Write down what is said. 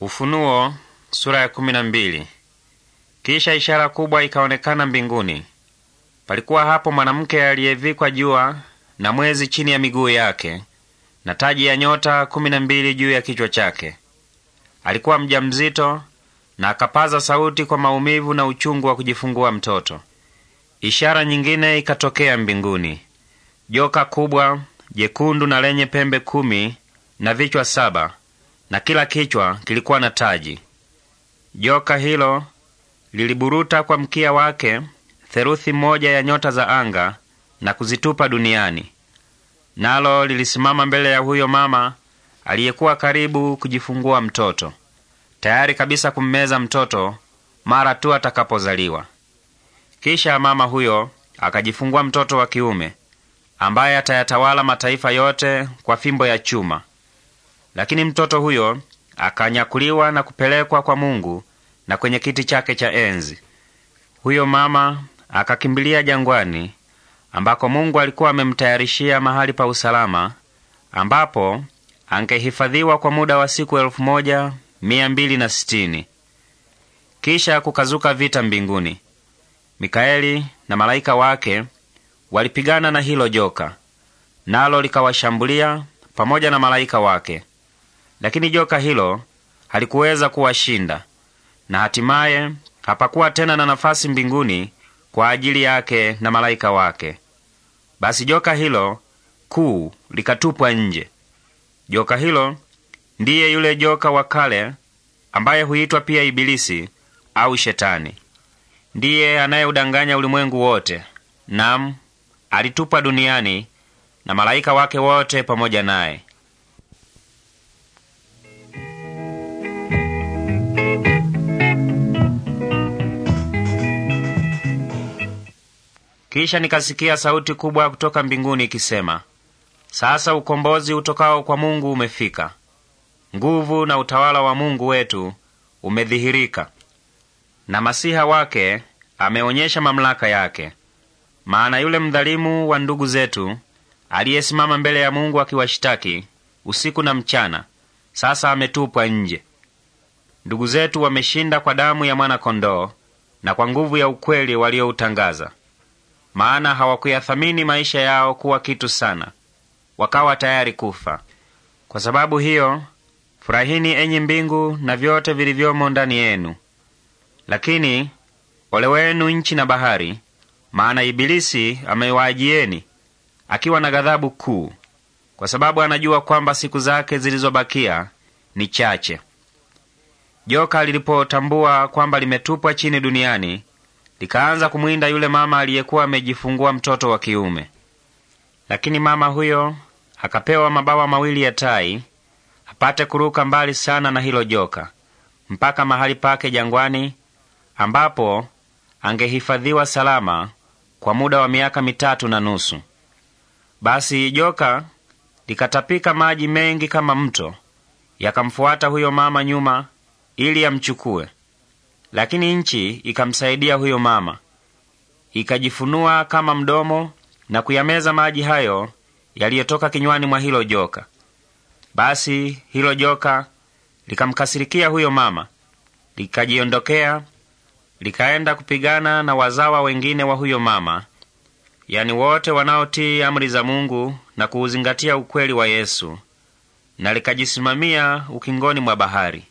Ufunuo sura ya kumi na mbili. Kisha ishara kubwa ikaonekana mbinguni. Palikuwa hapo mwanamke aliyevikwa jua na mwezi chini ya miguu yake na taji ya nyota kumi na mbili juu ya kichwa chake. Alikuwa mjamzito na akapaza sauti kwa maumivu na uchungu wa kujifungua mtoto. Ishara nyingine ikatokea mbinguni: joka kubwa jekundu na lenye pembe kumi na vichwa saba na kila kichwa kilikuwa na taji. Joka hilo liliburuta kwa mkia wake theruthi moja ya nyota za anga na kuzitupa duniani, nalo lilisimama mbele ya huyo mama aliyekuwa karibu kujifungua mtoto, tayari kabisa kummeza mtoto mara tu atakapozaliwa. Kisha mama huyo akajifungua mtoto wa kiume ambaye atayatawala mataifa yote kwa fimbo ya chuma. Lakini mtoto huyo akanyakuliwa na kupelekwa kwa Mungu na kwenye kiti chake cha enzi. Huyo mama akakimbilia jangwani, ambako Mungu alikuwa amemtayarishia mahali pa usalama, ambapo angehifadhiwa kwa muda wa siku elfu moja mia mbili na sitini. Kisha kukazuka vita mbinguni. Mikaeli na malaika wake walipigana na hilo joka, nalo likawashambulia pamoja na malaika wake lakini joka hilo halikuweza kuwashinda, na hatimaye hapakuwa tena na nafasi mbinguni kwa ajili yake na malaika wake. Basi joka hilo kuu likatupwa nje. Joka hilo ndiye yule joka wa kale ambaye huitwa pia Ibilisi au Shetani. Ndiye anayeudanganya ulimwengu wote. Nam alitupwa duniani na malaika wake wote pamoja naye. Kisha nikasikia sauti kubwa kutoka mbinguni ikisema, sasa ukombozi utokao kwa Mungu umefika, nguvu na utawala wa Mungu wetu umedhihirika, na masiha wake ameonyesha mamlaka yake. Maana yule mdhalimu wa ndugu zetu aliyesimama mbele ya Mungu akiwashitaki usiku na mchana, sasa ametupwa nje. Ndugu zetu wameshinda kwa damu ya mwana-kondoo na kwa nguvu ya ukweli walioutangaza maana hawakuyathamini maisha yao kuwa kitu sana, wakawa tayari kufa. Kwa sababu hiyo, furahini enyi mbingu na vyote vilivyomo ndani yenu. Lakini ole wenu nchi na bahari, maana Ibilisi amewaajieni akiwa na ghadhabu kuu, kwa sababu anajua kwamba siku zake zilizobakia ni chache. Joka lilipotambua kwamba limetupwa chini duniani likaanza kumwinda yule mama aliyekuwa amejifungua mtoto wa kiume. Lakini mama huyo akapewa mabawa mawili ya tai apate kuruka mbali sana na hilo joka mpaka mahali pake jangwani, ambapo angehifadhiwa salama kwa muda wa miaka mitatu na nusu. Basi joka likatapika maji mengi kama mto, yakamfuata huyo mama nyuma ili yamchukue. Lakini nchi ikamsaidia huyo mama, ikajifunua kama mdomo na kuyameza maji hayo yaliyotoka kinywani mwa hilo joka. Basi hilo joka likamkasirikia huyo mama, likajiondokea, likaenda kupigana na wazawa wengine wa huyo mama, yani wote wanaotii amri za Mungu na kuuzingatia ukweli wa Yesu, na likajisimamia ukingoni mwa bahari.